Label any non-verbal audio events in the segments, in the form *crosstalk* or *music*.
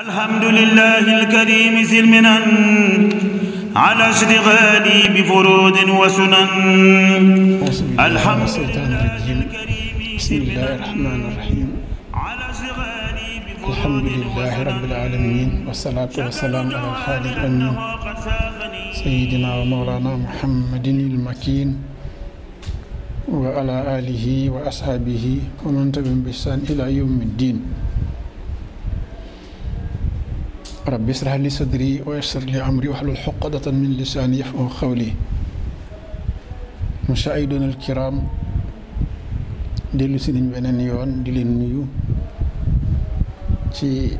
الحمد لله الكريم ذي المنن على اشتغالي بفروض وسنن الحمد لله الكريم بسم الله الرحمن الرحيم الحمد لله رب العالمين والصلاة والسلام على الخالق الأمين سيدنا ومولانا محمد المكين وعلى آله وأصحابه ومن تبعهم بإحسان إلى يوم الدين rabbi israh li sadri wa yassir li amri wahlul uqdatan min lisaani yafqahu qawli mushaahidiina al-kiraam dellu dellusi nañ beneen yoon di leen nuyu ci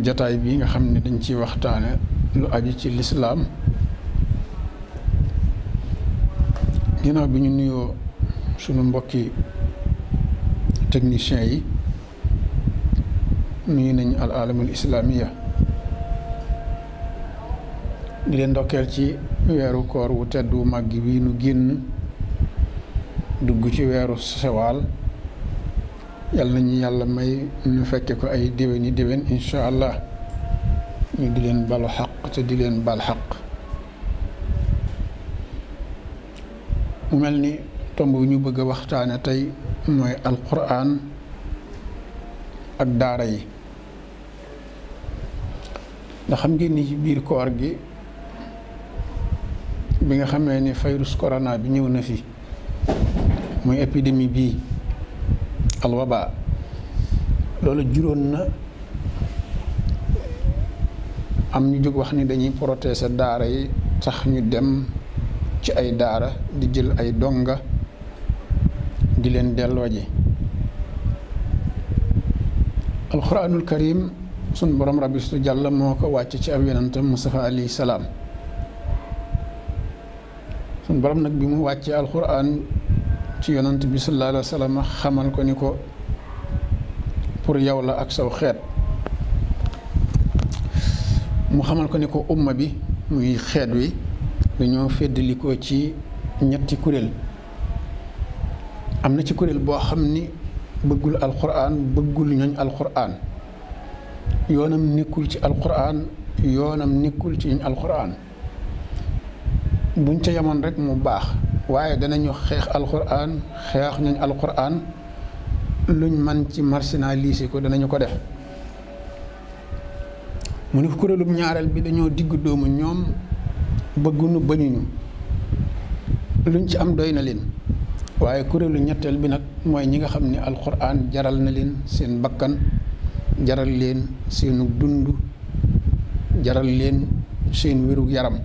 jataay bi nga xam ne dañ ciy waxtaane lu aju ci lislaam ginnaaw bi ñu nuyoo sunu mbokki techniciens yi nuyu nañ al alamul islaamiya di leen ndokkeel ci weeru koor wu tedd wu màgg wi nu génn dugg ci weeru sewaal yàlla nañu yàlla may ñu fekke ko ay déwéni déwén incha allah ñu di leen balu xaq te di leen bal xaq mu mel ni tomb bi ñu bëgg a waxtaane tey mooy alquran ak daara yi ndax xam ngeen ni ci biir koor gi bi nga xamee ni virus corona bi ñëw na fi muy épidémie bii alwaba loolu juróon na am ñu jóg wax ni dañuy protéger daara yi tax ñu dem ci ay daara di jël ay donga di leen delloo ji alxuraanul karim sunu borom rabbi su jàll moo ko wàcc ci ab yonentam Mustafa alayhi salaam boroom nag bi mu wàccee alxuraan ci yonant bi sallallahu alayhi wa xamal ko ni ko pour yow la ak saw xeet mu xamal ko ni ko umma bi muy xeet wi dañoo feddalikoo ci ñetti kuréel am na ci kuréel boo xam ni bëggul alxuraan bëggul ñooñ alxuraan yoonam nekkul ci alxuraan yoonam nekkul ci ñooñ alxuraan buñ ca yemoon rek mu baax waaye danañu xeex alxuraan xeex ñuñ alxuraan luñ man ci marginaliser ko danañu ko def mu ni kuréelub ñaareel bi dañoo diggu doomu ñoom bëgguñu bañuñu luñ ci am doy na leen waaye kuréelu ñetteel bi nag mooy ñi nga xam ni alxuraan jaral na leen seen bakkan jaral leen seenu dund jaral leen seen wérug yaram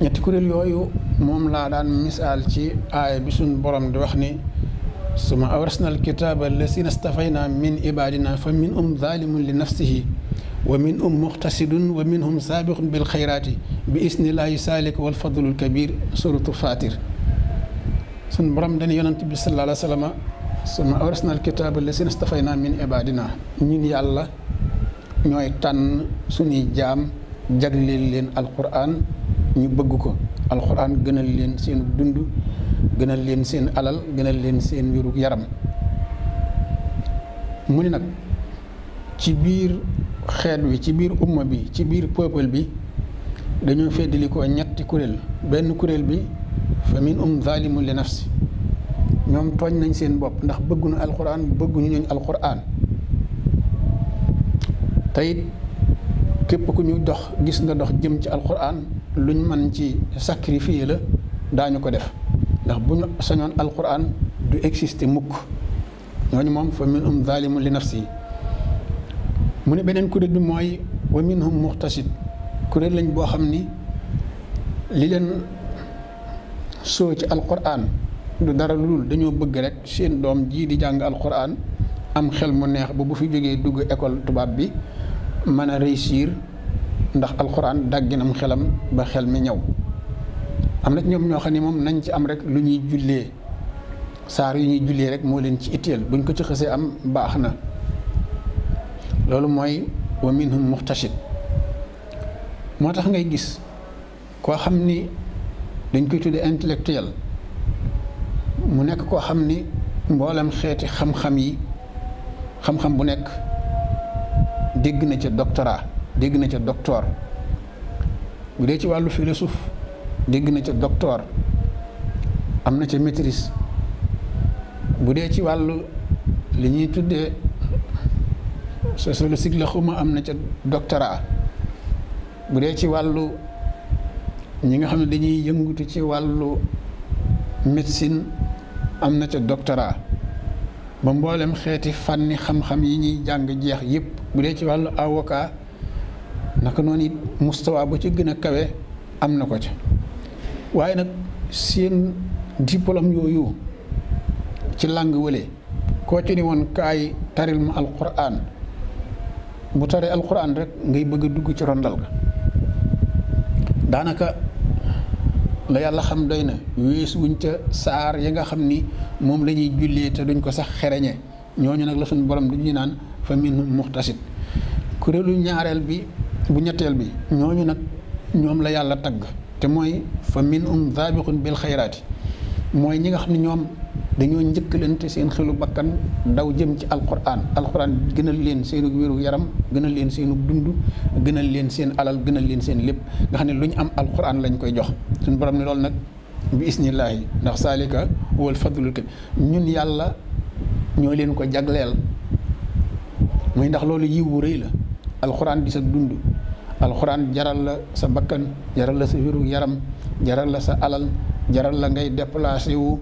ñetti kuréel yooyu moom laa daan misaal ci aaya bi suñ borom di wax ni suma awrasna alkitaaba allasina stafayna min ibadina fa min um zalimun li nafsihi wa min um muxtasidun wa minhum saabiqun bil xayraati bi isnillahi saalik wal fadlul kabir suratu fatir suñ borom dañ yonent bi sallallahu alayhi wa sallam suma awrasna alkitaaba allasina min ibadina ñun yàlla ñooy tànn suñuy jaam jagleel leen alquran ñu bëgg ko alxuraan gënal leen seen dund gënal leen seen alal gënal leen seen wérug yaram mu ni nag ci biir xeet wi ci biir umma bi ci biir peuple bi dañoo feddali ko ñetti kuréel benn kuréel bi fa min um zalimun li nafsi ñoom tooñ nañ seen bopp ndax bëgguñu alxuraan bëgguñu ñooñ alxuraan tayit képp ku ñu dox gis nga dox jëm ci alquran luñ mën ci sacrifier la daañu ko def ndax bu ñu sañoon alquran du exister mukk ñooñu moom fa minhum zalimun li nafsi mu ne beneen kuréel bi mooy wa minhum muxtasid kuréel lañ boo xam ni li leen soo ci alquran du dara lul dañoo bëgg rek seen doom jii di jàng alquran am xel mu neex ba bu fi jógee dugg école tubaab bi mën a réussir ndax alxuraan dàgginam xelam ba xel mi ñaw am na ñoom ñoo xam ne moom nañ ci am rek lu ñuy jullee saar yu ñuy jullee rek moo leen ci itteel buñ ko ci am baax na loolu mooy wa minhum muxtachid moo tax ngay gis koo xam ni dañ koy tuddee intellectuel mu nekk koo xam ni mboolem xeeti xam-xam yi xam-xam bu nekk dégg na ca doctorat dégg na ca doctor bu dee ci wàllu philosophe dégg na ca docteur am na ca maîtrise bu dee ci wàllu li ñuy tuddee sociologique la xuma am na ca doctorat bu dee ci wàllu ñi nga xam ne dañuy yëngutu ci wàllu médecine am na ca doctora ba mbooleem xeeti fànni xam-xam yi ñuy jàng jeex yëpp bu dee ci wàllu avocat naka noonu it mustawa bu ci gën a kawe am na ko ci waaye nag seen diplôme yooyu ci làng wële koo ci ni woon kaay taril ma alquran bu taree alquran rek ngay bëgg dugg ci rondal ga daanaka la yàlla xam doy na wees wuñ ca saar yi nga xam ni moom lañuy ñuy jullee te duñ ko sax xereñe ñooñu nag la suñu borom du ñu naan fa minhum muxtasid kuréelu ñaareel bi bu ñetteel bi ñooñu nag ñoom la yàlla tagg te mooy fa minhum zaabiqun bil xayraati mooy ñi nga xam ne ñoom dañoo njëkkalante seen xelu bakkan daw jëm ci alquran alquran gënal leen seenu wéru yaram gënal leen seenu dund gënal leen seen alal gënal leen seen lépp nga xam ne lu ñu am alxuraan lañ koy jox suñu borom ne loolu nag bi isnillaahi ndax saalika wal fadlul kabir ñun yàlla ñoo leen ko jagleel muy ndax loolu yiw wu rëy la alxuraan di sa dund alxuraan jaral la sa bakkan jaral la sa wéru yaram jaral la sa alal jaral la ngay déplacé wu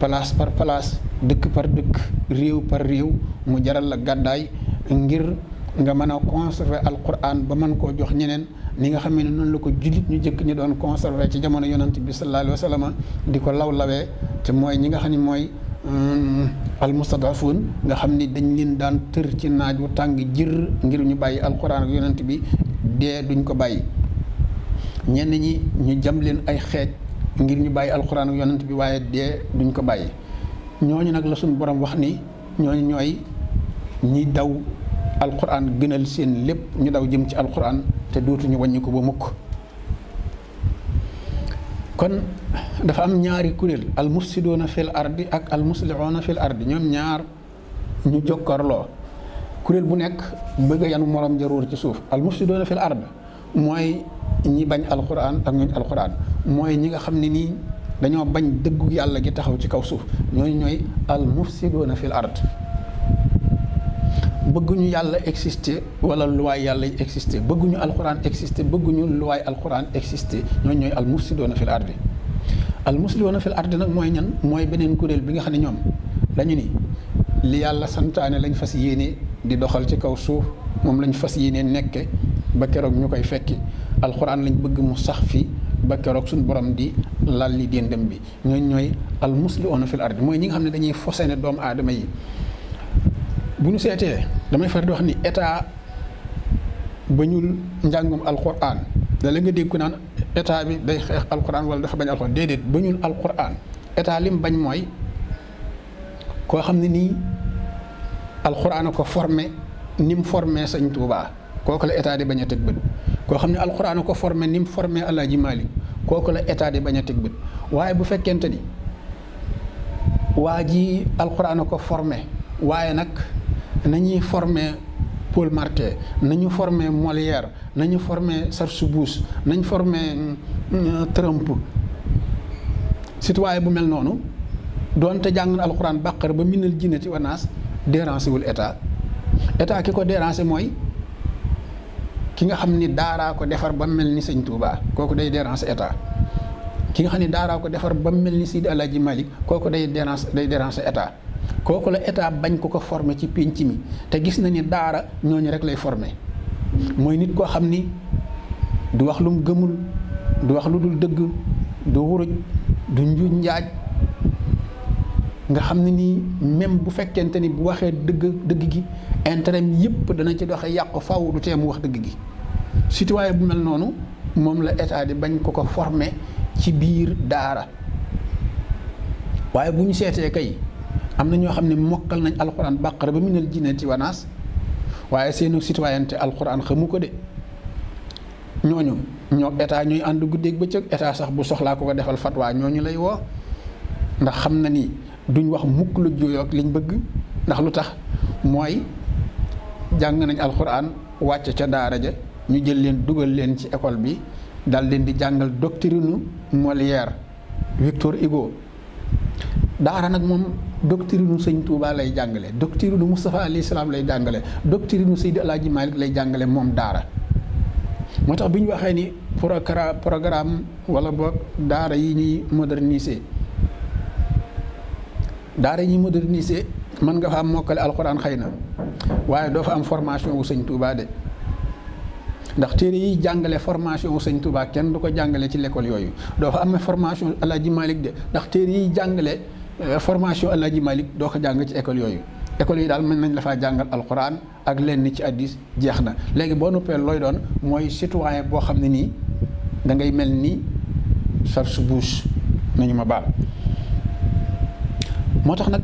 place par place dëkk par dëkk réew par réew mu jaral la gàddaay ngir nga mën a conserver alquran ba mën koo jox ñeneen ni nga xam ne noonu la ko jullit ñu jëkk ñu doon conserver ci jamono yonant bi sallallahu alayhi wa sallam di ko law te mooy ñi nga xam ne mooy mm, almustadafun nga xam ni dañ leen daan tër ci naaj wu tàng jër ngir ñu bàyyi al ak yonant bi dee duñ ko bàyyi ñenn ñi ñu jam leen ay xeej ngir ñu bàyyi alxuraan ak bi waaye dee duñ ko bàyyi ñooñu nag la suñu boroom wax ni ñooñu ñooy ñi daw alxuraan gënal seen lépp ñu daw jëm ci alxuraan te dootuñu ñu ko ba mukk kon dafa am ñaari kuréel al mufsiduuna fil ardi ak al muslihuuna fil ardi ñoom ñaar ñu jokkarloo kuréel bu nekk bëgg yanu moroom jaruur ci suuf al mufsiduuna fil ardi mooy ñi bañ alxuraan ak ñooñ alxuraan mooy ñi nga xam ne nii dañoo bañ dëggu yàlla gi taxaw ci kaw suuf ñooñu ñooy al mufsiduuna fil ard bëgguñu yàlla existe wala luwaay yàlla yi exister bëgguñu alxuraan exister bëgguñu luwaay alxuraan exister ñooñu ñooy al mufsiduuna fil ardi al mufsiduuna fil ard nag mooy ñan mooy beneen kuréel bi nga xam ne ñoom lañu ni li yàlla santaane lañ fas yéene di doxal ci kaw suuf moom lañu fas yéene nekke ba keroog ñu koy fekki alxuraan lañ bëgg mu sax fi ba keroog suñu borom di lalli déndam bi ñooñ ñooy al muslihoona fil ardi mooy ñi nga xam ne dañuy fosé ne doomu aadama yi seetee damay far di wax ni état ba njàngum alxuraan da la nga dégg bi day xeex alxuraan wala dafa bañ alxuraan déedéet ba ñul alxuraan état lim bañ mooy koo xam ne nii alxuraan a ko formé ni forme formé Sëñ kooku la état di bañ a teg bët koo xam ne alxuraan ko formé ni mu formé ji Maalik kooku la état di bañ a teg bët waaye bu fekkente ni waa ji alxuraan ko forme waaye nag nañuy forme Paul Marty nañu forme Molière nañu forme formé Sarsoubouz nañ formé mm, euh, Trump citoyen bu mel noonu doonte jàng na alxuraan bàqar ba minal jinnati wa naas dérangé wul état état ki ko dérangé mooy. ki nga xam ni daaraa ko defar ba mel ni sëñ Touba kooku day dérange état ki nga xam ni daaraa ko defar ba mel ni Sidi Alaaji Malik kooku day dérange day dérange état kooku la état bañ ko ko former ci pénc mi te gis na ni daara ñooñu rek lay former mooy nit koo xam ni du wax lu mu gëmul du wax lu dul dëgg du wuruj du njuuj njaaj nga xam ne nii même bu fekkente ni bu waxee dëgg dëgg gi intérêt yëpp dana ci doxe yàqu faw du tee mu wax dëgg gi citoyen bu mel noonu moom la état di bañ ko ko former ci biir daara waaye bu ñu seetee kay am na ñoo xam ne mokkal nañ alxuraan bàqara ba minal jinnati wa naas waaye seenu citoyenneté alxuraan xamu ko de ñooñu ñoo état ñooy ànd guddeeg bëccëg état sax bu soxlaa ko ko defal ñoo ñu lay woo ndax xam na ni duñ wax mukk lu juyoo liñ bëgg ndax lu tax mooy jàng nañ alxuraan wàcc ca daara ja ñu jël leen dugal leen ci école bi daal leen di jàngal doctrine Molière Victor Hugo daara nag moom doctrine sëñ Touba lay jàngale doctrine Moustapha alayhi salaam lay jàngale doctrine Seydi Alaaji Malik lay jàngale moom daara moo tax bi ñu waxee ni programme programme wala boog daara yi ñuy moderniser daara yi ñuy moderniser mën nga fa am mokkale alxuraan xëy na waaye doo fa am formation wu sañ Touba de ndax téere yi jàngale formation wu sëñ Touba kenn du ko jàngale ci l'école yooyu doo fa amee formation El Hadj de ndax téere yi jàngale euh, formation El Hadj doo ko jàng ci école yooyu. école yi daal mën nañ la faa jàngal alxuraan ak lenn ci addis jeex na léegi boo noppee looy doon mooy citoyen boo xam ne nii da ngay mel ni sarsu buus nañu ma baal moo tax na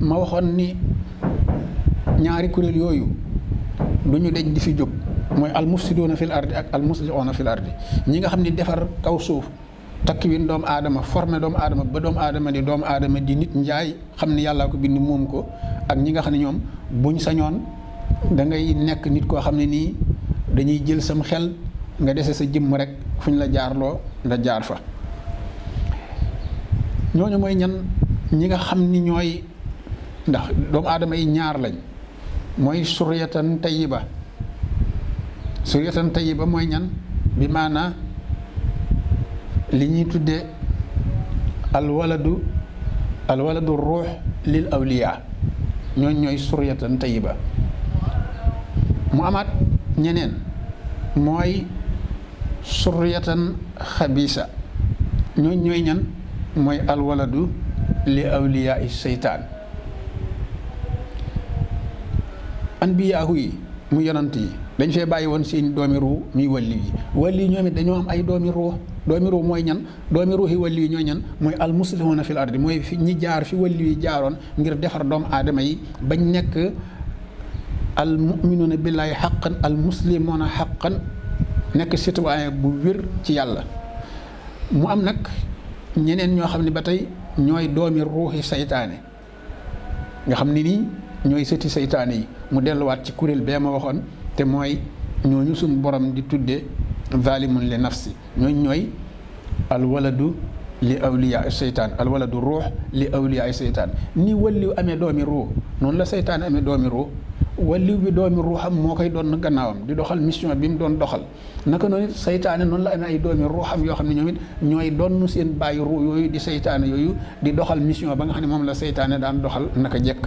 ma waxoon ni ñaari kuréel yooyu du ñu deñ di fi jóg mooy almufsiduuna fil ardi ak almuslihuuna fil ardi ñi nga xam ni defar kaw suuf takkiwin doomu aadama formé doomu aadama ba doomu aadama di doomu aadama di nit njaay xam ni yàllaa ko bind moom ko ak ñi nga xam ne ñoom buñ sañoon dangay nekk nit koo xam ne nii dañuy jël sam xel nga dese sa jëmm rek fu ñu la jaarloo nga jaar fa ñooñu mooy ñan ñi nga xam ni ñooy ndax doomu aadama yi ñaar lañ mooy suryatan tayiba suryatan tayiba mooy ñan bi maana li ñuy tuddee alwaladu alwaladu ruux lil awliya ñooñ ñooy suryatan tayiba mu amaat ñeneen mooy suryatan xabiisa ñooñ ñooy ñan mooy alwaladu li awliyaa i saytaan anbiyaahu yi mu yonant yi dañ fee bàyyi woon seen doomi ruu muy wàlli yi wàlli ñoom it dañoo am ay doomi ruux doomi ruux mooy ñan doomi ruuxi wàlli yi ñooy ñan mooy almuslimuuna fil ardi mooy fi ñi jaar fi wàlli jaaroon ngir defar doomu aadama yi bañ nekk almuminuuna billaahi xaqan almuslimuuna xaqan nekk citoyen bu wér ci yàlla mu am nag ñeneen ñoo xam ne ba tey ñooy doomi ruuxi seytaane ñoo xam ni nii ñooy sëti seytaane yi mu delluwaat ci kuréel bee ma waxoon te mooy ñooñu suñu borom di tudde zalimun li nafsi ñooñ ñooy alwaladu li awliya ay seytaan alwaladu ruux li awliya ay seytaan ni walliw amee doomi ruux noonu la seytaan amee doomi ruux walliw bi doomi ruuxam moo koy doon gannaawam di doxal mission bi mu doon doxal naka noonu seytaane noonu la amee ay doomi ruuxam yoo xam ne ñoom it ñooy doon seen bàyyi ruux yooyu di seytaane yooyu di doxal mission ba nga xam ne moom la seytaane daan doxal naka jekk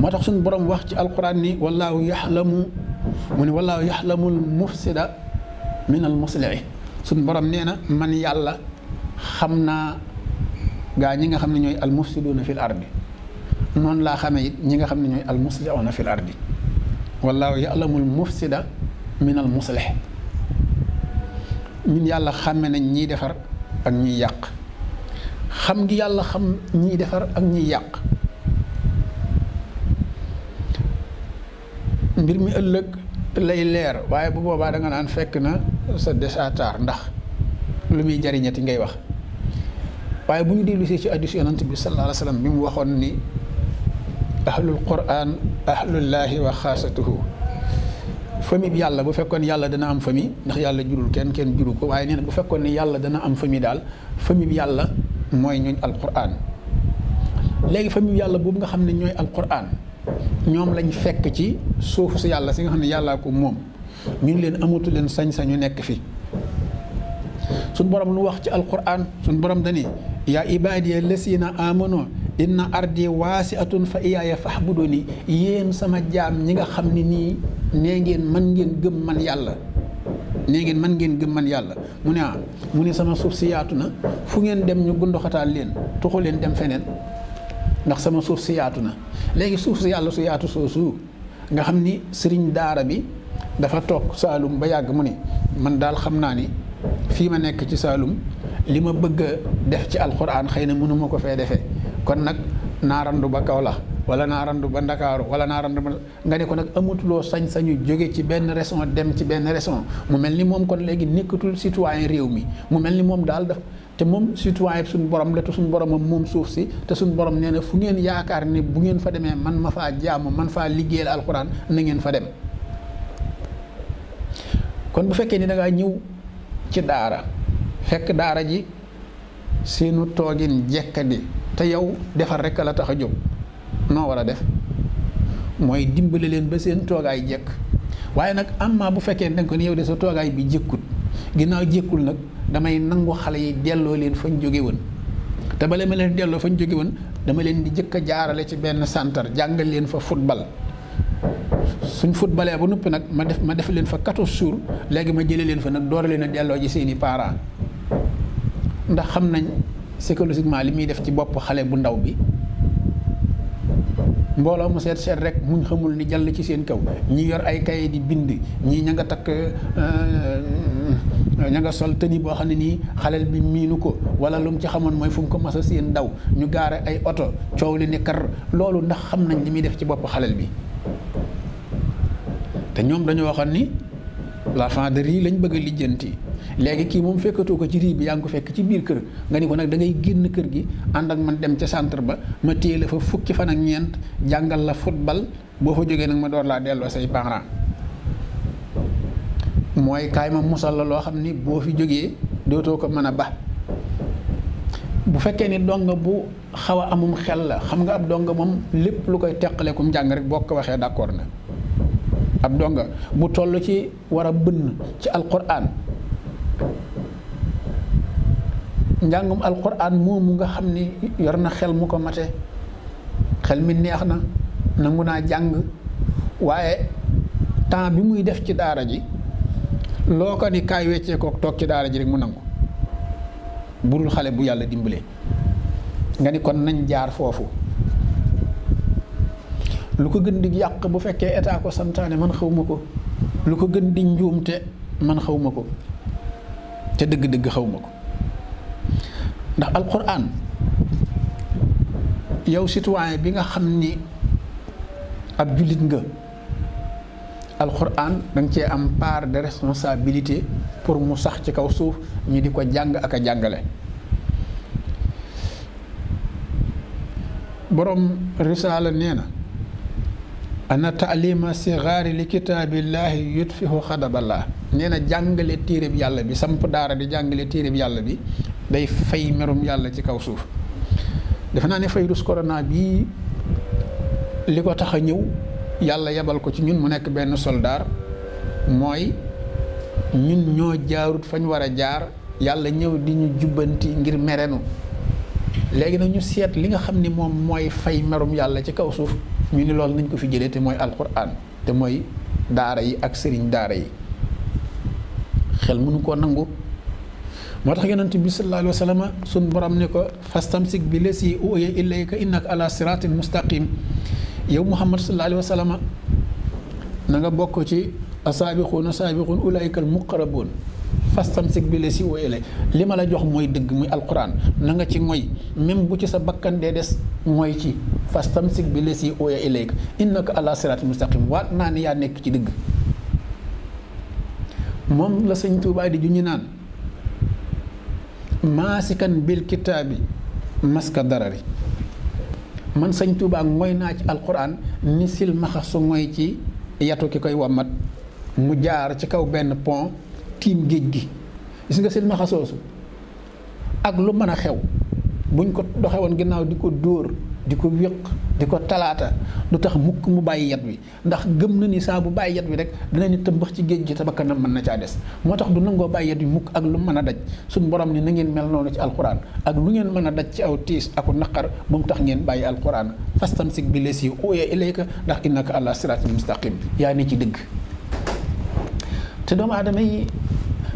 moo tax suñu borom wax ci alquran ni wallaahu yaxlamu mu ne wallaahu yaxlamul mufsida min al muslii suñu borom nee na man yàlla xam naa gaa ñi nga xam ne ñooy al mufsiduuna fil ardi noonu laa xamee it ñi nga xam ne ñooy al muslihuuna fil ardi wallaahu yaxlamul mufsida min al muslih ñun yàlla xàmme nañ ñiy defar ak ñiy yàq xam ngi yàlla xam ñiy defar ak ñiy yàq mbir mi ëllëg lay leer waaye bu boobaa da naan fekk na sa desatar ndax lu muy jariñati ngay wax waaye bu ñu dellu si ci hadiis yonent bi sallallahu alayhi wa sallam bi mu waxoon ni ahlul quraan ahlullaahi wa xaasatuhu famille bi yàlla bu fekkoon yàlla dana am famille ndax yàlla jurul kenn kenn juru ko waaye bu fekkoon ne yàlla dana am famille daal famille bi yàlla mooy ñooñ alquran léegi famille bi yàlla boobu nga xam ne ñooy al alquran ñoom lañu fekk ci suuf si yàlla si nga xam ne yàllaa ko moom ñu ngi leen amatu leen sañ-sañu nekk fi suñ borom lu wax ci alquran suñ borom dani yaa ibaadiya lesina amano inna ardi waasiatun fa iyaaya fahbuduni yéen sama jaam ñi nga xam ni nii nee ngeen man ngeen gëm man yàlla nee ngeen man ngeen gëm man yàlla mu ne ah mu ne sama suuf si yaatu na fu ngeen dem ñu gundoxataal leen tuxu leen dem feneen ndax sama suuf si yaatu na léegi suuf si yàlla su yaatu soosu nga xam ni sëriñ daara bi dafa toog Saalum ba yàgg mu ne man daal xam naa ni fii ma nekk ci Saalum li ma bëgg a def ci alxuraan xëy na mënuma ko fee defee kon nag naarandu ba kaw la wala naarandu ba ndakaaru wala naarandu ba nga ne ko nag amatuloo sañ-sañu jóge ci benn raison dem ci benn raison mu mel ni moom kon léegi nekkatul citoyen réew mi mu mel ni moom daal daf te moom citoyen suñu borom la te suñu boromam moom suuf si te suñ borom nee na fu ngeen yaakaar ni bu ngeen fa demee man ma faa jaamu man faa liggéeyal alxuraan na ngeen fa dem kon bu fekkee ni dangay ñëw ci daara fekk daara ji seenu toogin jekkadi te yow defar rek la tax a jóg noo war a def mooy dimbale leen ba seen toogaay jekk waaye nag am maa bu fekkee ne ko ni yow de sa toogaay bi jékkut ginnaaw jékkul nag. damay nangu xale yi delloo leen fañ jóge woon te bala ma leen delloo fañ jóge woon dama leen di jëkk a jaarale ci benn santar jàngal leen fa football suñ footballee ba noppi nag ma def ma def leen fa 14 jours léegi ma jëlee leen fa nag door leen a delloo ji seeni parent ndax xam nañ psychologiquement li muy def ci bopp xale bu ndaw bi mbooloo mu seet seet rek muñ xamul ni jàll ci seen kaw ñi yor ay kaye di bind ñii ña nga takk euh, ña nga sol tëni boo xam ne nii xaleel bi miinu ko wala lu mu ci xamoon mooy fu mu ko mas a seen daw ñu gaare ay oto coow li ni kar loolu ndax xam nañ li muy def ci bopp xaleel bi te ñoom dañu waxoon ni la fin de ri lañ bëgg a lijjanti léegi kii moom fekkatoo ko ci rii bi yaa ngi ko fekk ci biir kër nga ni ko nag dangay génn kër gi ànd ak man dem ca centre ba ma téye la fa fukki fan ak ñeent jàngal la football boo fa jógee nag ma door laa delloo say parents mooy kaay ma musal la loo xam ni boo fi jógee dootoo ko mën a ba bu fekkee ni donga bu xaw a amum xel la xam nga ab donga moom lépp lu koy teqalee kum jàng rek boo ko waxee d'accord na ab donga bu toll ci war a bënn ci alquran njàngum alquran moomu nga xam ni yor na xel mu ko mate xel mi neex na nangu naa jàng waaye temps bi muy def ci daara ji loo ko ni kaay weccee ko toog ci daara ji rek mu nangu budul xale bu yàlla dimbalee nga ni kon nañ jaar foofu lu ko gën di yàq bu fekkee état ko santaane man xaw ma ko lu ko gën di njuumte man xaw ma ko te dëgg-dëgg xaw ma ko ndax alquran yow citoyen bi nga xam ni ab jullit nga alquran da nga cee am part de responsabilité pour mu sax ci kaw suuf ñi di ko jàng ak a jàngale boroom risaala nee na ana taalima sigaari li kitaabillahi yutfihu xadaballah nee na jàngale téereb yàlla bi samp daara di jàngale téereb yàlla bi day fay merum yàlla ci kaw suuf defe naa ne virus corona bii li ko tax a ñëw yàlla yebal ko ci ñun mu nekk benn soldaar mooy ñun ñoo jaarut fañ war a jaar yàlla ñëw di ñu jubbanti ngir merenu léegi nag ñu seet li nga xam ni moom mooy fay merum yàlla ci kaw suuf ñu ni loolu nañ ko fi jëlee te mooy alquran te mooy daara yi ak sëriñ daara yi xel mënu koo nangu moo tax yonent bi sallallahu alayhi wa sallam suñ borom ne ko fastamsik bi lesi uya ilayka innaka ala siratin mustaqim yow muhammad sallallahu alayhi wa sallam ci asaabiquuna saabiquun ulaayka al muqarabuun fastamsik bi lesi uya ilay li ma la jox mooy dëgg muy alquran na nga ci mooy même bu ci sa bakkan dee mooy ci fastamsik bi lesi uya ilayka innaka ala siratin mustaqim waat naa ne yaa nekk ci dëgg moom la sëñ Tuubaa di juñu naan maasikan bil kitaabi maska darari man sëñ Tuubaa mooy naa ci alquran ni silmaxa su mooy ci yatu ki koy wammat mu jaar ci kaw benn pont tiim géej gi gis nga silmaxa soosu ak lu mën a xew buñ ko doxewoon ginnaaw di ko dóor di ko wéq di ko talaata du tax mukk mu bàyyi yat wi ndax gëm na ni saa bu bàyyi yat wi rek dinañu tëmbax ci géej gi te bakkanam mën na caa des moo tax du nangoo bàyyi yat wi mukk ak lu mën a daj suñ borom ni na ngeen mel noonu ci alquran ak lu ngeen mën a daj ci aw tiis aku naqar bu mu tax ngeen bàyyi alquran fastansik bi lesi uuya ilayka ndax innaka ala siratin mustaqim yaa ni ci dëgg te doomu aadama yi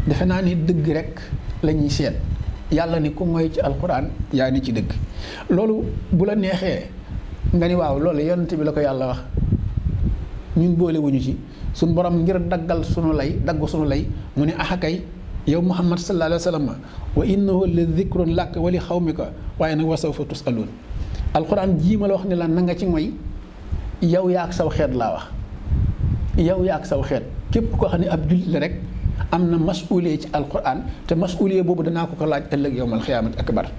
defe naa ni dëgg rek la ñuy seet yàlla ni ku mooy ci alquran yaa ni ci dëkk loolu bu la neexee nga ni waaw loolu yonent bi la ko yàlla wax ñun boolewuñu ci suñ borom ngir daggal sunu lay dagg sunu lay mu ne axakay yow muhammad sallallahu alayhi wa sallam wa innahu la dikrun làkk wali ko waaye nag wax wa sawfa tusaluun alquran jii ma la wax ne la na nga ci mooy yow yaak saw xeet laa wax yow ak saw xeet képp koo xam ne ab jullit la rek am na masuulee ci alquran te masuulee boobu danaa ko ko laaj ëllëg yowmal xiyaamat akbar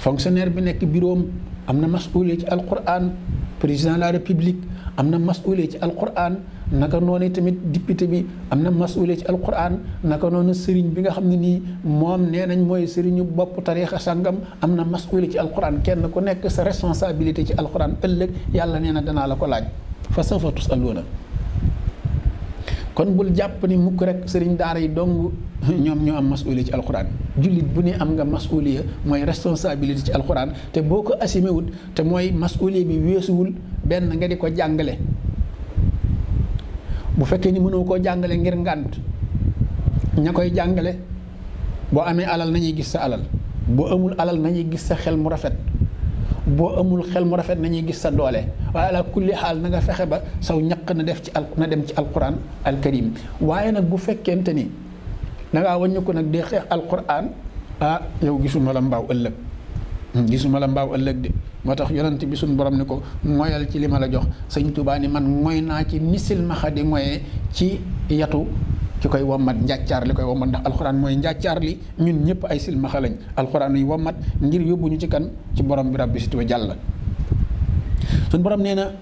fonctionnaire bi nekk biroom am na masuulee ci alquran président la république am na masuulee ci alquran naka noonu tamit député bi am na masuulee ci alquran naka noonu sëriñ bi nga xam ne nii moom nee nañ mooy sëriñu bopp tariixa sàngam am na masuulee ci alquran kenn ku nekk sa responsabilité ci alquran ëllëg yàlla nee na danaa la ko laaj fa sawfa tusaluuna kon bul jàpp ni mukk rek sëriñ daara yi dong *laughs* ñoom ñoo am masuliya ci alxuraan jullit bu ni am nga masuliya mooy responsabilité ci alxuraan te boo ko assumé wut te mooy masuliya bi weesuwul benn nga di ko jàngale bu fekkee ni mënoo koo jàngale ngir ngànt ña koy jàngale boo amee alal ñuy gis sa alal boo amul alal na ñuy gis sa xel mu rafet boo amul xel mu rafet nañuy gis sa doole waaye ala kulli xaal na nga fexe ba saw ñaq na def ci al na dem ci alquran alkarim waaye nag bu fekkente ni da ngaa nag dee xeex alquran ah yow gisuma la mbaaw ëllëg hmm, gisuma la mbaaw ëllëg de moo tax yonent bi suñ borom ni ko moyal ci li ma la jox sëñ Tuubaa ni man moy naa ci misilmaxa ma xadi ci yatu ki koy wammat njàccaar li koy wammat ndax alxuraan mooy njàccaar li ñun ñëpp ay silmaxa lañ alxuraan yi wammat ngir yóbbu ñu ci kan ci borom bi rabbi situwa jàll suñ borom nee na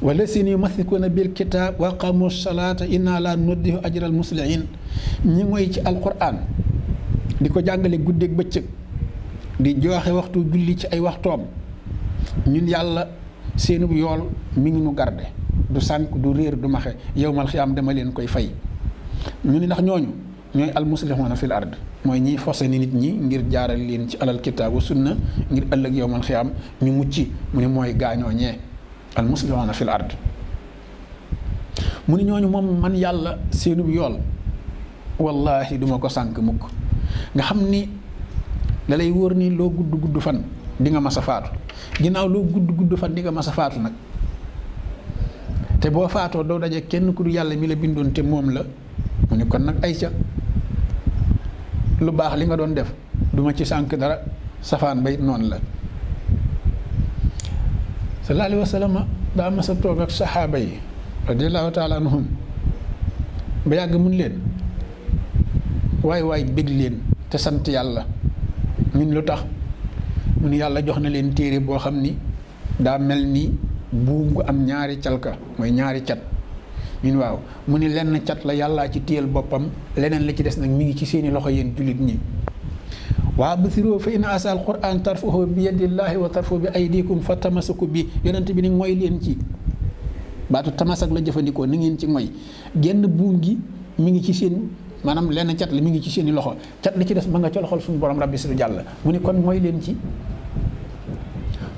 walla si ni masikuuna bil kitaab wa aqamu salaata inna la nuddihu ajral ñi mooy ci alxuraan di ko jàngale guddeeg bëccëg di joxe waxtu julli ci ay waxtoom ñun yàlla seenu yool mi ngi nu garde du sànk du réer du maxe yow mal xiyaam dama leen koy fay ñu ni ndax ñooñu ñooy almuslihuuna fil ard mooy ñiy forcé ni nit ñi ngir jaaral leen ci alal kitaabu na ngir ëllëg yowmal xiyaam ñu mucc mu ni mooy gaañoo ñee almuslihuuna fil ard mu ni ñooñu moom man yàlla seenub yool wallaahi duma ko sànk mukk nga xam ni dalay lay wóor ni loo gudd gudd fan di nga mas a faatu ginnaaw loo gudd gudd fan di nga mas a faatu nag te boo faatoo doo daje kenn ku du yàlla mi la bindoon te moom la mu ne kon nag ay ca lu baax li nga doon def duma ci sànk dara safaan bay noonu la sallallahu alayhi wa sallam daa mas a toog ak saxaaba yi radiallahu taala ba yàgg mun leen waaye waay bég leen te sant yàlla ñun lu tax mu ne yàlla jox na leen téere boo xam ni daa mel ni buum gu am ñaari calka mooy ñaari cat ñun waaw mu ne lenn cat la yàllaa ci téyel boppam leneen la ci des nag mi ngi ci seeni loxo yéen jullit ñi waa basiroo fa in asal quran tarfuhu bi yadillaahi wa tarfu bi ay aydikum fa tamasaku bi yonent bi ni mooy leen ci baatu tamasak la jëfandikoo ni ngeen ci mooy genn buum gi mu ngi ci seen maanaam lenn cat la mi ngi ci seeni loxo cat li ci des ma nga ca loxol suñu borom rabbi suñu jàll mu ne kon mooy leen ci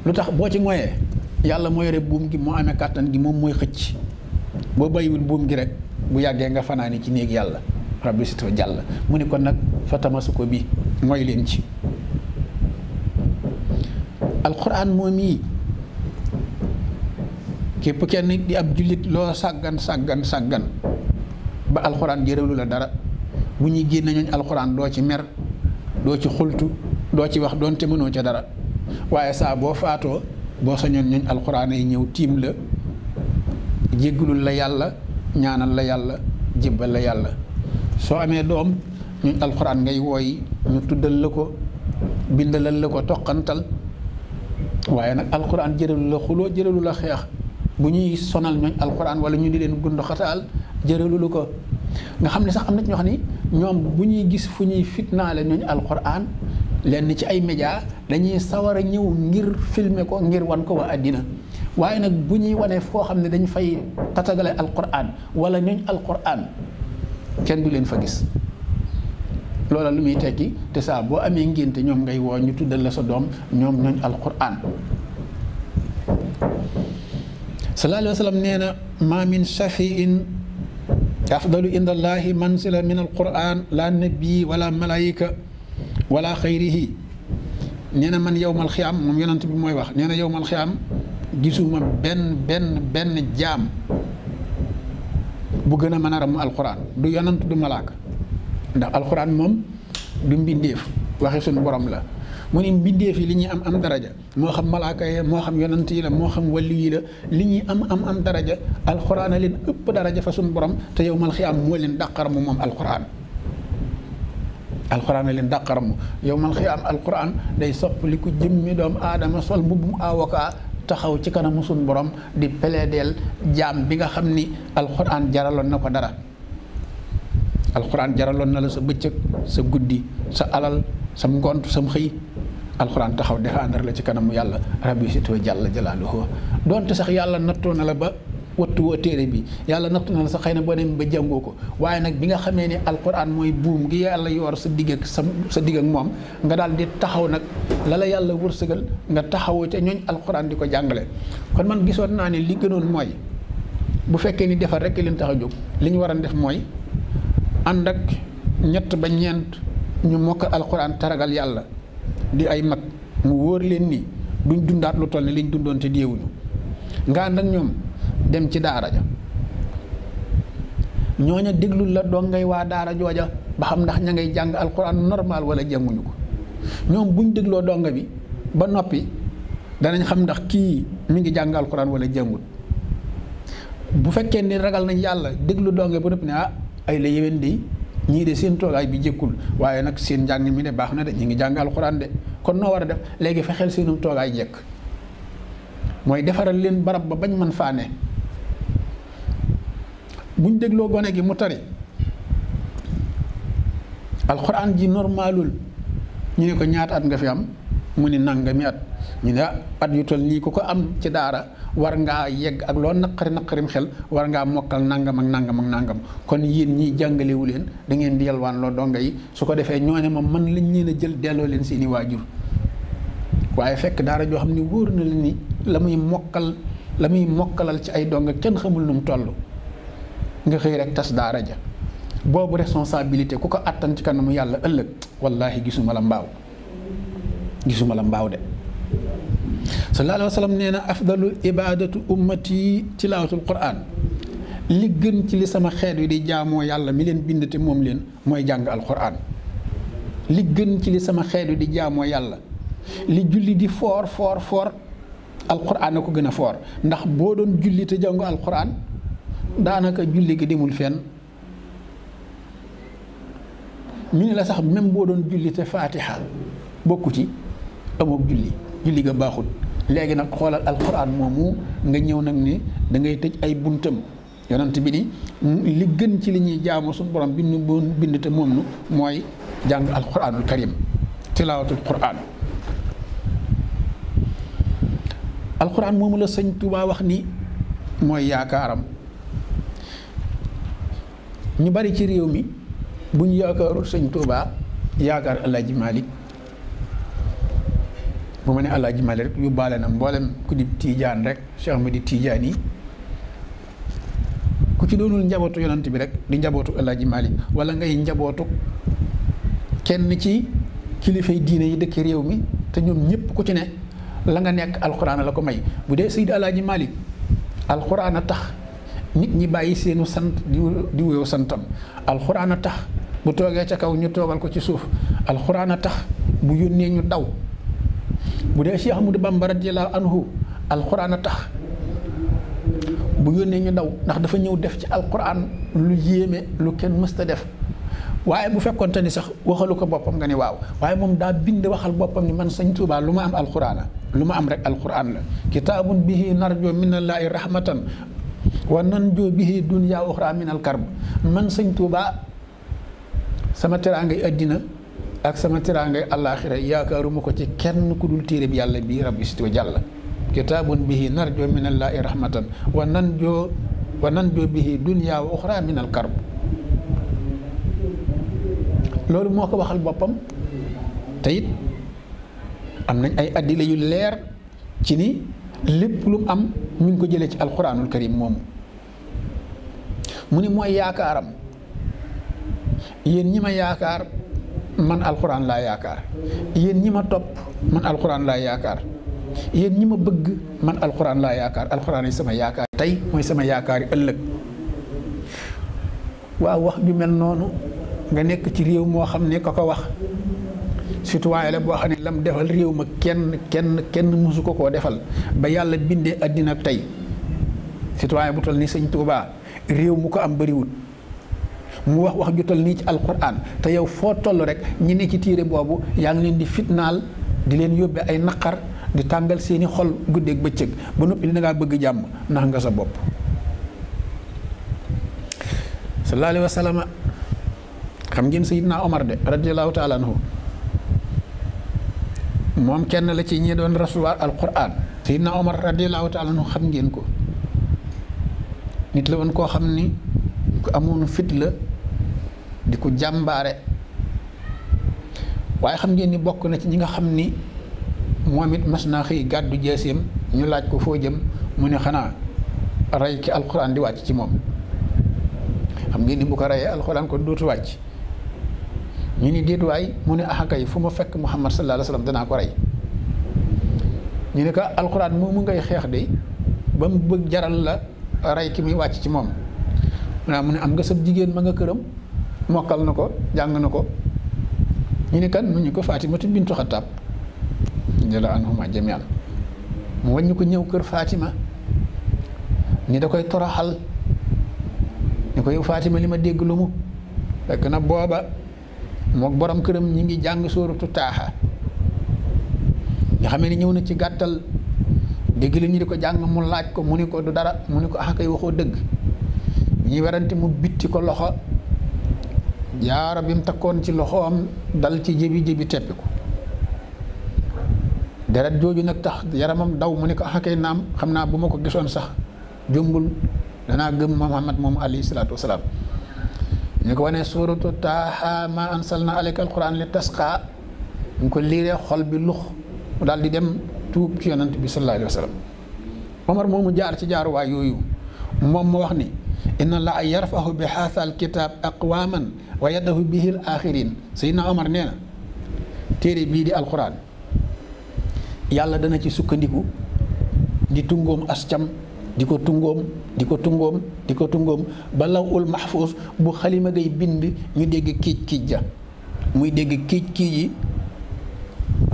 lu tax boo ci moyee yàlla moo yore buum gi moo amee kàttan gi moom mooy xëcc boo bàyyiwul buum gi rek bu yàggee nga fanaani ci néeg yàlla rabbi sito jàll mu ni kon nag fatamasu ko bi mooy leen ci alxuraan moom yi képp kenn di ab jullit loo sàggan sàggan sàggan ba alxuraan jëralu la dara bu ñuy génn ñooñ alxuraan doo ci mer doo ci xultu doo ci wax doonte mënoo ca dara waaye saa boo faatoo boo sañoon ñooñ alxuraan ay ñëw tiim la jéggalul la yàlla ñaanal la yàlla jébbal la yàlla soo amee doom ñun alxuraan ngay woy ñu tuddal la ko bindalal la ko toqantal waaye nag alxuraan jëralu la xuloo la xeex bu ñuy sonal ñooñ alxuraan wala ñu di leen gund xataal jëralu lu ko nga xam ne sax am na ñoo xam ni ñoom bu ñuy gis fu ñuy fitnaale ñooñ alxuraan lenn ci ay média dañuy sawar a ñëw ngir filmer ko ngir wan ko waa àddina waaye nag bu ñuy wanee foo xam ne dañ fay tatagale alquran wala ñuñ alquran kenn bu leen fa gis loola lu muy tekki te saa boo amee ngénte ñoom ngay woo ñu tuddal la sa doom ñoom ñooñ alquran sallallahu alayhi nee na ma min shafiin afdalu inda allahi mansila min alquran la nabii wala malaayika wala xayrihi nee na man yowmal xiyaam moom yonent bi mooy wax nee na yowmal xiyaam gisuma benn benn benn jaam bu gën a mën a ramm alxuraan du yonant du malaaka ndax alxuraan moom du mbindeef waxe sunu borom la mu ne mbindeef yi li ñuy am am daraja moo xam malaaka yi moo xam yonant yi la moo xam wàllu yi la li ñuy am am am daraja alxuraan a leen ëpp daraja fa suñu borom te yow mal xiyaam moo leen dàqar mu moom alxuraan alxuraan a leen dàqar mu yow mal xiyaam alxuraan day soppali ku jëmmi doomu aadama sol mbubbum awokaa taxaw ci kanamu suñu borom di peleedeel jaam bi nga xam ni alxuraan jaraloon na ko dara alxuraan jaraloon na la sa bëccëg sa guddi sa alal sam ngont sam xëy alxuraan taxaw défendre la ci kanamu yàlla rabbi situ jàll jalaaluhu doonte sax yàlla nattoo la ba wattu woo téere bi yàlla nattu na la sa xëy na boo dem ba jàngoo ko waaye nag bi nga xamee ni alquran mooy buum gi yàlla yor sa digg sa sa digg ak moom nga daal di taxaw nag lala la yàlla wërsëgal nga taxawoo ca ñooñ alxuraan di ko jàngale kon man gisoon naa ne li gënoon mooy bu fekkee ni defar rekk leen tax a jóg li ñu war a def mooy ànd ak ñett ba ñeent ñu mokk alquran taragal yàlla di ay mag mu wóor leen ni duñ dundaat lu toll ne liñ dundoon te deewuñu nga ñoom dem ci daara ja ñooña déglu la dongay waa daara jooja ba xam ndax ña ngay jàng alquran normal wala jànguñu ko ñoom buñ dégloo donga bi ba noppi danañ xam ndax kii mi ngi jàng alquran wala jàngut bu fekkee ni ragal nañ yàlla déglu donga ba noppi ne ah ay la yéwén di ñii de seen toogaay bi jëkkul waaye nag seen njàng mi ne baax na de ñu ngi jàng alxuraan de kon noo war a def léegi fexeel seenum toogaay jekk mooy defaral leen barab ba bañ mën faa ne buñ dégloo gone gi mu tari alxuraan ji normalul ñu ne ko ñaata at nga fi am mu ni nangami at ñu ne ah, at yu toll nii ku ko am ci daara war ngaa yegg ak loo naqari naqarim xel war ngaa mokkal nangam ak nangam ak nangam kon yéen ñiy jàngalewu leen da ngeen di yalwaan loo donga yi su ko defee ñoo ne moom man lañ leen a jël delloo leen seeni waajur waaye fekk daara joo xam ne wóor na la ni la muy mokkal la muy mokkalal ci ay donga kenn xamul nu mu toll nga xëy rek tas daara ja boobu responsabilité ku ko attan ci kanamu yàlla ëllëg wallaahi gisuma la mbaaw gisuma la mbaaw de sallallahu alayhi wa sallam nee na quraan li gën ci li sama xeet wi di jaamoo yàlla mi leen bind moom leen mooy jàng alquraan li gën ci sama xeet di jaamoo yàlla li julli di foor foor foor alquraan a ko gën a foor ndax boo doon julli te jàngu alquraan daanaka julli gi demul fen ñu ne la sax même boo doon julli te faatiha bokku ci amoog julli julli ga baaxul léegi nag xoolal alquran moomu nga ñëw nag ni dangay tëj ay buntam yonent bi ni li gën ci li ñuy jaamu suñu borom bi nu bind te moom nu mooy jàng alquranul karim tilaawatul quran alquran moomu la sëñ Tuubaa wax ni mooy yaakaaram ñu bari ci réew mi bu ñu yaakaaru sëñ Touba yaakaar El Hadj Malick bu ma ne El Hadj Malick rek yóbbaale na mboolem ku di Tiijaan rek Cheikh Madi Tiijaan yi ku ci doonul njabootu yonant bi rek di njabootu El Hadj Malick wala ngay njabootu kenn ci kilifay diine yi dëkk réew mi te ñoom ñëpp ku ci ne la nga nekk alxuraan la ko may bu dee Seydi El Hadj Malick alxuraan a tax. nit ñi bàyyi seenu sant di di wuyoo santam alxuraan a tax bu toogee ca kaw ñu toogal ko ci suuf alxuraan a tax bu yónnee ñu daw bu dee Cheikh Ahmadou Bamba radiyallahu anhu alxuraan a tax bu yónnee ñu daw ndax dafa ñëw def ci alxuraan lu yéeme lu kenn mësta def waaye bu fekkonte ni sax waxalu ko boppam nga ni waaw waaye moom daa bind waxal boppam ni man sëñ Tuubaa lu ma am alxuraan lu ma am rek alxuraan la kitaabun bihi narjo minallaahi rahmatan wa nan joo bihi dunya uxra min karb man sëñ Tuubaa sama teraangay àddina ak sama teraangay àllaaxira yaakaaruma ko ci kenn ku dul téereb yàlla bii rabbi sitwa jàll kitaabun bi narjo min allaahi rahmatan wa nan joo wa nan joo bihi dunya wa uxra min al karb loolu moo ko waxal boppam te am nañ ay addile yu leer ci ni lépp lu am mu ngi ko jëlee ci alquranul karim moomu mu ni mooy yaakaaram yéen ñi ma yaakaar man alxuraan laa yaakaar yéen ñi ma topp man alxuraan laa yaakaar yéen ñi ma bëgg man alxuraan laa yaakaar alxuraan yi sama yaakaar tey mooy sama yaakaari ëllëg waaw wax ju mel noonu nga nekk ci réew moo xam ne ka ko wax citoyen la boo xam ne lam defal réew ma kenn kenn kenn mësu ko koo defal ba yàlla bindee àddina tey citoyen bu toll ni sëñ Tuubaa réew mu ko am bëriwul mu wax wax jutal nii ci alquran te yow foo toll rek ñi ne ci téere boobu yaa ngi leen di fitnaal di leen yóbbe ay naqar di tàngal seeni xol guddeeg bëccëg ba noppi dina ngaa bëgg jàmm nax nga sa bopp sallallahu alayhi wa sallam xam ngeen sayidna omar de radiallahu taala anhu moom kenn la ci ñee doon recevoir alquran naa omar radiallahu taala anhu xam ngeen ko nit la woon koo xam ni ku amoon fit la di ko jàmbaare waaye xam ngeen ni bokk na ci ñi nga xam ni moom it mas naa xëy gàddu jeeseem ñu laaj ko foo jëm mu ne xanaa rey ki alxuraan di wàcc ci moom xam ngeen ni bu ko reyee alxuraan kon dootu wàcc ñu ni déet waay mu ne axakay ah fu ma fekk muhammad sallallahu alayhi wa danaa ko rey ñu ne ko alxuraan moomu ngay xeex de ba mu bëgg jaral la rey ki muy wàcc ci moom maanaam mu ne am nga sab jigéen ma nga këram mokkal na ko jàng na ko ñu ne kan mu ñu ko Fatimatu bintu Xattaab jalla anhuma jamian mu wàññi ko ñëw kër Fatima ni da koy toroxal ñu ko yow Fatima li ma dégg lu mu fekk na booba mook borom këram ñu ngi jàng sóoratu taaxa nga xam ne ñëw na ci gàttal dégg la ñu di ko jàng mu laaj ko mu ni ko du dara mu ni ko ah waxoo dëgg ñuy werante mu bitti ko loxo jaara bi mu takkoon ci loxoom dal ci jëbi jëbi teppi ko deret jooju nag tax yaramam daw mu ni ko ah naam xam naa bu ma ko gisoon sax jumbul danaa gëm Muhammad moom alayhi salaatu wasalaam ñu ko wanee suuratu taaha ma ansalna alayka alquran li tasqa ñu ko liiree xol bi lux mu daal di dem tuub ci yonent bi sallallahu alayhi moomu jaar ci jaaruwaay yooyu moom mu wax ni inna laa yarfahu bi xaasal kitaab aqwaman wa yadahu bihil axirin sayidna Omar nee na téere bii di alxuraan yàlla dana ci sukkandiku di tungoom as cam di ko tungoom di ko tungoom di ko tungoom ba law ul bu xalima ngay bind ñu dégg kiij kiij ja muy dégg kiij kiij yi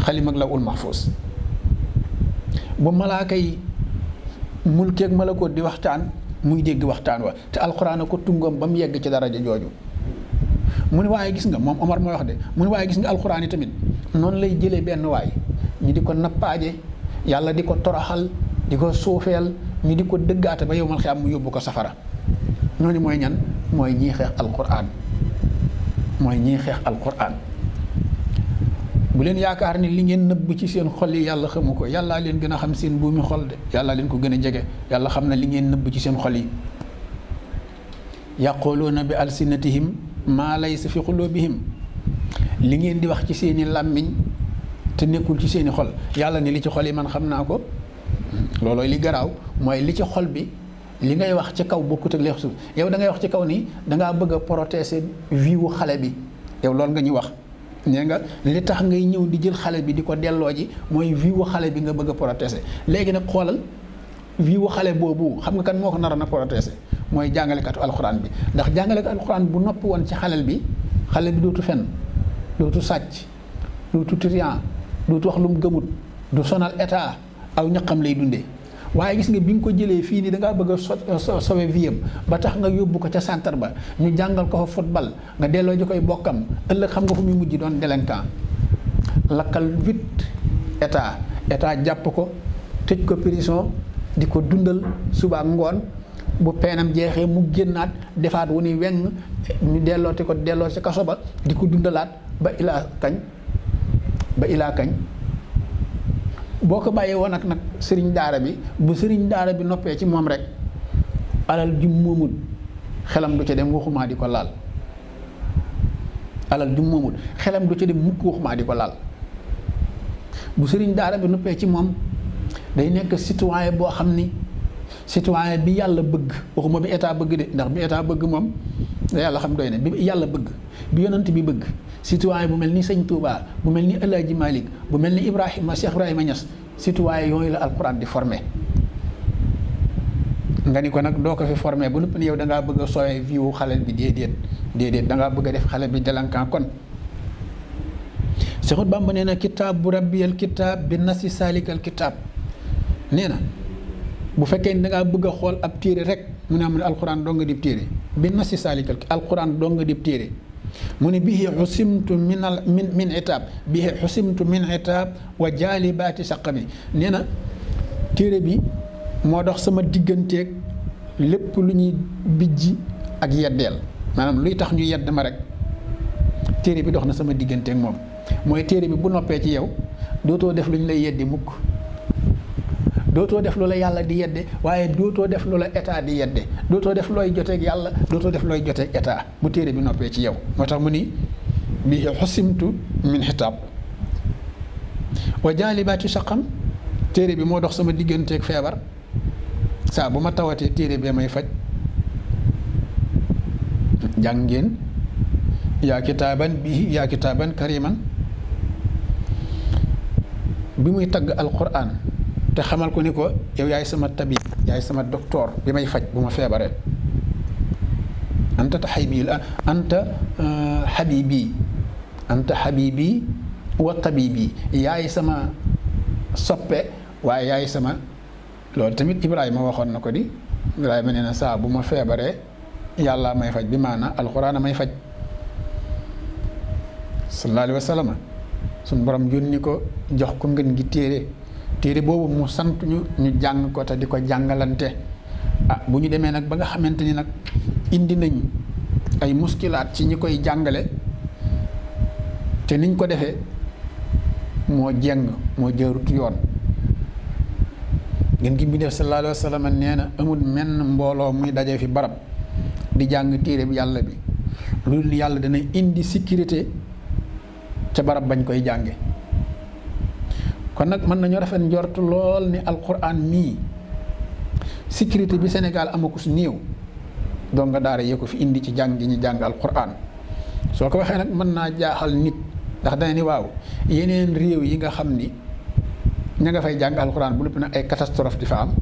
xalima ak law ba malaaka yi la ko di waxtaan muy dégg waxtaan wa te alxuraan ko tungoom ba mu yegg ci daraja jooju mu ni waaye gis nga moom Omar mooy wax de mu ni waaye gis nga alxuraan yi tamit noonu lay jëlee benn waay ñu di ko nappaaje yàlla di ko toroxal di ko suufeel ñu di ko dëggaata ba yowmal xiyaam mu yóbbu ko safara ñooñu mooy ñan mooy ñii xeex alxuraan mooy ñii xeex alxuraan bu leen yaakaar ni li ngeen nëbb ci seen xol yi yàlla xamu ko yàllaa leen gën a xam seen buumi xol de yàllaa leen ko gën a jege yàlla xam na li ngeen nëbb ci seen xol yi yaquluuna bi alsinatihim maa laysa fi qulubihim li ngeen di wax ci seeni làmmiñ te nekkul ci seeni xol yàlla ni li ci xol yi man xam naa ko loolooy li garaaw mooy li ci xol bi li ngay wax ci kaw bokkut ak li suuf yow da ngay wax ci kaw ni dangaa bëgg a protéger vie wu xale bi yow loolu nga ñuy wax nee nga li tax ngay ñëw di jël xale bi di ko delloo ji mooy viwu xale bi nga bëgg a léegi nag xoolal viwu xale boobu xam nga kan moo ko naroon na protéger mooy jàngalekatu alxuraan bi ndax jàngalekatu alxuraan bu noppi woon ci xalel bi xale bi dootu fen dootu sàcc dootu trian dootu wax lu mu gëmut du sonal état aw ñaqam lay dundee. waaye gis nga bi nga ko jëlee fii nii da ngaa bëgg so sowe viam ba tax nga yóbbu ko ca centre ba ñu jàngal ko fa football nga delloo ji koy bokkam ëllëg xam nga fu muy mujj doon délinquant lakkal vite état état jàpp ko tëj ko prison di ko dundal suba ak ngoon bu peenam jeexee mu génnaat defaat wu ni wenn ñu dellooti ko delloo ci kaso ba di ko dundalaat ba ilaa kañ ba ilaa kañ boo ko bàyyee woon nag sëriñ daara bi bu sëriñ daara bi noppee ci moom rek alal jum moomut xelam du ci dem waxumaa di ko laal alal jum moomut xelam du ci dem mukk waxumaa di ko laal bu sëriñ daara bi noppee ci moom day nekk citoyen boo xam ni citoyen bi yàlla bëgg waxuma bi état bëgg de ndax bi état bëgg moom yàlla xam doy na bi yàlla bëgg bi yonent bi bëgg citoyen bu mel ni sëñ tuubaa bu mel ni El Hadji bu mel ni Ibrahima Cheikh Ibrahima Niass citoyen yooyu la alxuraan di formé. nga ni ko nag doo ko fi formé ba noppi ni yow da bëgg a sooyee viwu xalel bi déedéet déedéet da ngaa bëgg a def xale bi délinquant kon. Seexul Bàmba nee na kitaab bu rabbiyal kitaab bi nasi saalikal kitaab bu fekkee ni da ngaa bëgg a xool ab téere rek mu ne am ne alquran doo nga dib téere bi nasi saalikal alquran doo nga dib téere mu ne bihi xusimtu min al min min itaab bihi xusimtu min itaab wa jaalibaati saqami nee na téere bi moo dox sama digganteeg lépp lu ñuy bijji ak yeddeel maanaam luy tax ñu yedd ma rek téere bi dox na sama digganteek moom mooy téere bi bu noppee ci yow dootoo def lu ñu lay yeddi mukk dootoo def lu la yàlla di yedde waaye dootoo def lu la état di yedde dootoo def looy joteeg yàlla dootoo def looy joteeg état bu téere bi noppee ci yow moo tax mu ni bi xusimtu min xitaab wa jaalibaati téere bi moo dox sama digganteeg feebar saa bu ma tawatee téere bee may faj jàng ngeen yaa kitaaban bi yaa kitaaban kariman bi muy tagg alquran te xamal ko ni ko yow yaay sama tabib yaay sama docteur bi may faj bu ma feebaree anta taxibi anta xabibi eh, anta xabibi wa tabibi yaay sama soppe waaye yaay sama lool tamit Ibrahima waxoon na ko di Ibrahima nee na saa bu ma feebaree yàlla may faj bi maana alxuraan may faj sallallahu alayhi wa sallam ko jox ko ngeen gi téere téere boobu mu sant ñu ñu jàng ko te di ko jàngalante a ah, bu ñu demee nag ba nga xamante ni nag indi nañ ay muskilaat ci ñi koy jàngale te niñ ko defee moo jeng moo jërut yoon ngeen gi bi def sallallahu alayhi wa sallam nee na amul menn mbooloo muy daje fi barab di jàng téere bi yàlla bi loolu yàlla danay indi sécurité ca barab bañ koy jànge kon nag mën nañoo rafet njort lool ni alquran mii sécurité bi Sénégal amaku su néew donc nga daara yee ko fi indi ci jàng gi ñu jàng alquran soo ko waxee nag mën naa jaaxal nit ndax dana ni waaw yeneen réew yi nga xam ni ña nga fay jàng alquran bu lépp nag ay catastrophe di fa am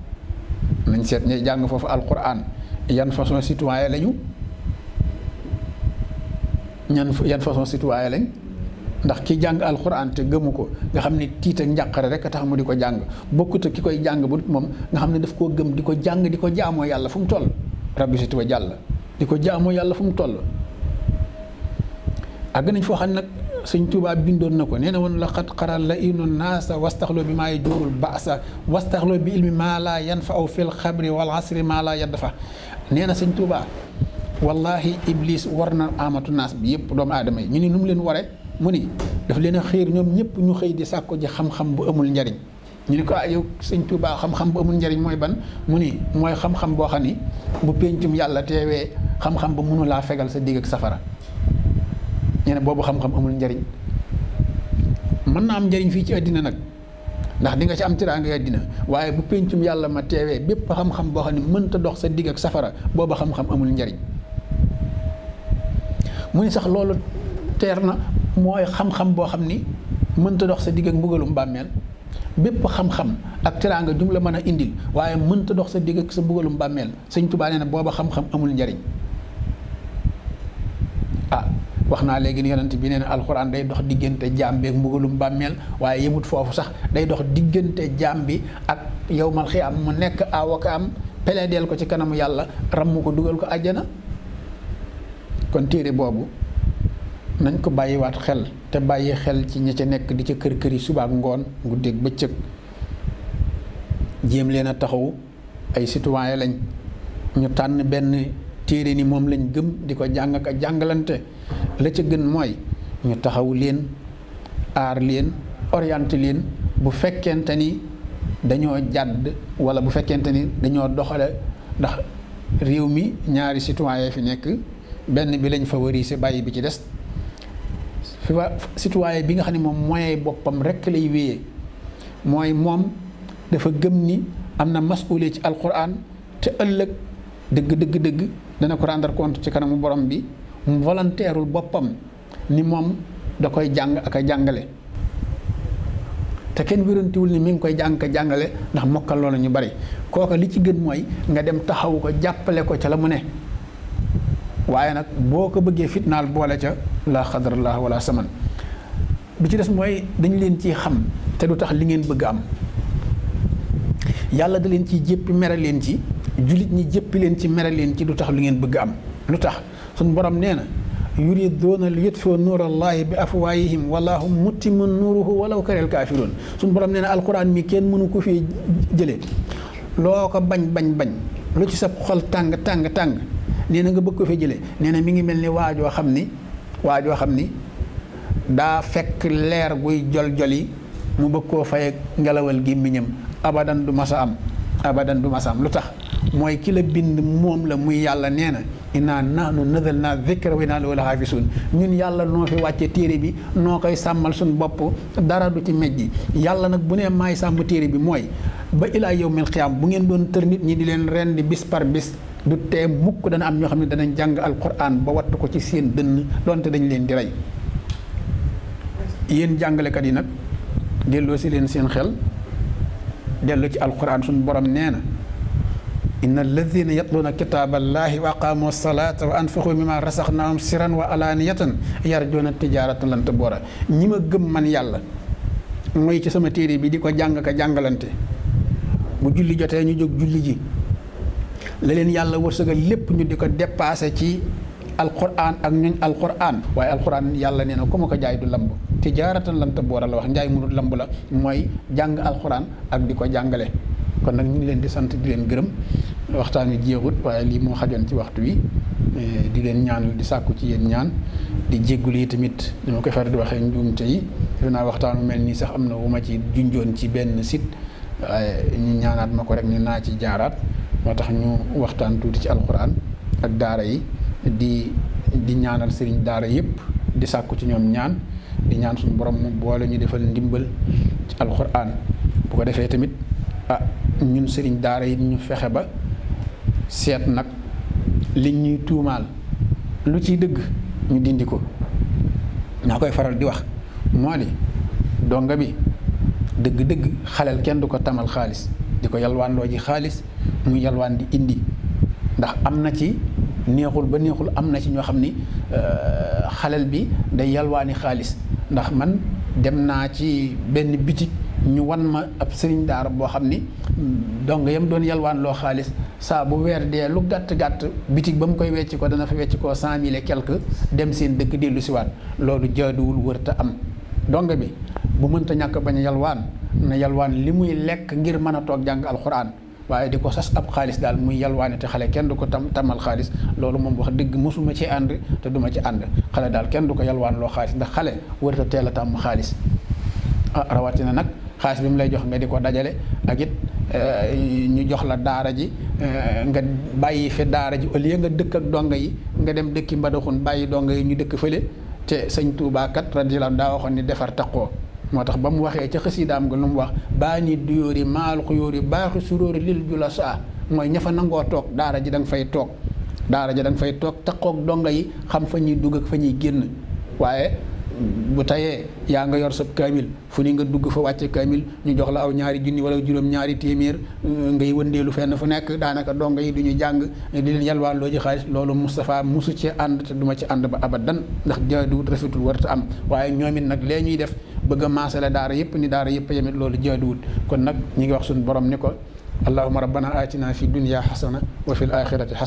nañ seet ñay jàng foofu alquran yan façon citoyen lañu ñan yan façon citoyen lañ ndax ki jàng alxuraan te gëmu ko nga xam ne tiit ak njàqare rek a tax mu di ko jàng bokkut ki koy jàng bu dut moom nga xam ne daf koo gëm di ko jàng di ko jaamoo yàlla fu mu toll rabbi jàll di ko jaamoo yàlla fu mu toll àgg nañ foo xam nag sëñ Tuubaa bindoon na ko nee na woon laqad qaral la inu naasa wastaxloo bi maa yajurul baasa wastaxloo bi ilmi maa laa yanfa'u fil xabri wal asri maa laa nee na sëñ Tuubaa wallahi iblis war na amatu naas bi yëpp doomu aadama yi ñu ni nu mu leen waree mu ni daf leen a xiir ñoom ñëpp ñu xëy di sàkko ji xam-xam bu amul njariñ ñu ni ko ah yow sëñ Tuubaa xam-xam bu amul njariñ mooy ban mu ni mooy xam boo xam ni bu péncum yàlla teewee xam ba mënu laa fegal sa digg safara ñu boobu xam amul njariñ mën na am njariñ fii ci àddina nag ndax di nga ci am tiraanga àddina waaye bu pencum yàlla ma teewee bépp xam-xam boo xam ne mënta dox sa digg ak safara boobu xam-xam amul njariñ mu ni sax loolu teer na mooy xam-xam boo xam ni mënta dox sa digg ak mbugalum bàmmeel bépp xam-xam ak teraanga jum la mën a indil waaye mënta dox sa digg ak sa mbugalum bàmmeel sëñ Tuubaa na booba xam-xam amul njariñ ah wax naa léegi ni yonent bi nee na alxuraan day dox diggante jaam bi ak mbugalum bàmmeel waaye yemut foofu sax day dox diggante jaam bi ak yowmal xiyaam mu nekk awaka am peleedeel ko ci kanamu yàlla mu ko dugal ko àjjana kon téere boobu nañ ko bàyyiwaat xel te bàyyi xel ci ñi ca nekk di ca kër kër yi suba ak ngoon guddeeg bëccëg jéem leen a taxaw ay citoyen lañ ñu tànn benn téere ni moom lañ gëm di ko jàng ak a jàngalante la ca gën mooy ñu taxaw leen aar leen orienté leen bu fekkente ni dañoo jàdd wala bu fekkente ni dañoo doxale ndax réew mi ñaari citoyen fi nekk benn bi lañ favoriser bàyyi bi ci des fi wa citoyen bi nga xam ne moom moyen boppam rek lay wéyee mooy moom dafa gëm ni am na masuule ci alquran te ëllëg dëgg dëgg dëgg dana ko rendre compte ci kanamu borom bi mu volontairul boppam ni moom da koy jàng ak a jàngale te kenn wérantiwul ni mi ngi koy jàng ka jàngale ndax mokkal loolu ñu bari kooka li ci gën mooy nga dem taxawu ko jàppale ko ca la mu ne waaye nag boo ko bëggee fitnaal boole ca laa xadarallah wala saman bi ci des mooy dañ leen ci xam te du tax li ngeen bëgg am yàlla da leen ciy jéppi mere leen ci jullit ñi jéppi leen ci mere leen ci du tax li ngeen bëgg am lu tax suñ borom nee na yuriduuna li yutfiu nuur allahi bi afwaayihim wallahu mutimu nuuruhu walaw kareel kaafiroon suñ borom nee na alquran mi kenn mënu ko fee jëlee loo ko bañ bañ bañ lu ci sa xol tàng tàng tàng nee na nga bëgg ko fee jëlee nee na mi ngi mel waa joo xam ni daa fekk leer guy jol joli mu bëgg koo fay ngelawal gémmiñam abadan du mas a am abadan du mas a am lu tax mooy kilo bind moom la muy yàlla nee na inaa nahnu nazalna dhikra wa inaa lahu lahaafizuun ñun yàlla noo fi wàcce téere bi noo koy sàmmal suñu bopp dara du ci mejj yàlla nag bu nee maay sàmm téere bi mooy ba ilaa yawmil qiyaam bu ngeen doon tër nit ñi di leen rendi bis par bis du tee mukk dana am ñoo xam ne danañ jàng alquran ba wattu ko ci seen dënn donte dañ leen di rey yéen jàngalekat yi nag delloo si leen seen xel dellu ci alquran suñu borom nee na inna alladina yatluuna kitaaba allahi wa aqaamu salaata wa anfaqu mimma rasaqnaahum siran wa alaaniyatan yarjuuna tijaaratan lan tabuura ñi ma gëm man yàlla mooy ci sama téere bi di ko jàng ka jàngalante bu julli jotee ñu jóg julli ji la leen yàlla wërsëgal lépp ñu di ko dépassé ci alquran ak ñuñ alquran waaye alxuraan yàlla nee na ku ma ko jaay du lamb tijaaratan lan tabuura la wax njaay mënul lamb la mooy jàng alxuraan ak di ko jàngale kon nag ñu ngi leen di sant di leen gërëm waxtaan wi jeexut waaye lii moo xajoon ci waxtu wi eh, di leen ñaanal di sàkku ci yéen ñaan di jéggulu yi tamit dama koy far di waxee njuumte yi defe naa waxtaan wu mel nii sax am na wu ma ci junjoon ci benn site waaye ñu ñaanaat ma ko rek ni naa ci jaaraat moo tax ñu waxtaan tuuti ci alxuraan ak daara yi di di ñaanal sëriñ daara yëpp di sàkku ci ñoom ñaan di ñaan suñu boroom mu boole ñu defal ndimbal ci alxuraan bu ko defee tamit ah ñun sëriñ daara yi ñu fexe ba seet nag li ñuy tuumaal lu ciy dëgg ñu dindi ko ñaa koy faral di wax moo di donga bi dëgg-dëgg xalel kenn du ko tamal xaalis di ko yalwaandoo ji xaalis mu yalwaan di indi ndax am na ci neexul ba neexul am na ci ñoo xam ni euh, xaleel bi day yalwaani xaalis ndax man dem naa ci benn bitik ñu wan ma ab sëriñ daara boo xam ni mm, dong yam doon yalwaan loo xaalis saa bu weer dee lu gàtt gàtt bitig ba mu koy wecci ko dana fa wecci koo sant mille quelque dem seen dëkk dellu siwaat loolu jaaduwul wër am dong bi bu mënta ñàkk bañ a yalwaan na yalwaan li muy lekk ngir mën a toog jàng alxuraan waaye di ko sas ab xaalis daal muy yalwaane te xale kenn du ko tam tamal xaalis loolu moom wax dëgg mosuma ci ànd te duma ci ànd xale daal kenn du ko yalwaan loo xaalis ndax xale warut a teel a tàmm xaalis ah rawatina nag xaalis bi mu lay jox nga di ko dajale ak it eh, ñu jox la daara ji eh, nga bàyyi fi daara ji au nga dëkk ak donga yi nga dem dëkki mbadaxun bàyyi donga yi ñu dëkk fële te sëñ Tuubaa kat radiyallaahu daa waxoon ni defar taqoo moo tax ba mu waxee ca daam ga lu mu wax baa nit du yóori maal ko yóori baaxi suróori lil ju la saa mooy ña fa nangoo toog daara ji da nga fay toog daara ji danga fay toog taqoog dongo yi xam fa ñuy dugg ak fa ñuy génn waaye bu tayee yaa nga yor sab kaamil fu ni nga dugg fa wàcce kaamil ñu jox la aw ñaari junni wala juróom ñaari téeméer euh, ngay wëndeelu fenn fu nekk daanaka donga yi du ñu jàng di leen yalwaan loo xaalis loolu Moustapha mosu cee ànd te duma ci ànd ba abadan ndax jaaduwut rafetul warta am waaye ñoom it nag lee ñuy def bëgg a la daara yëpp ni daara yëpp yamit loolu jaaduwut kon nag ñu ngi wax suñu borom ni ko allahuma rabbana atina fi dunya xasana wa fi l xasana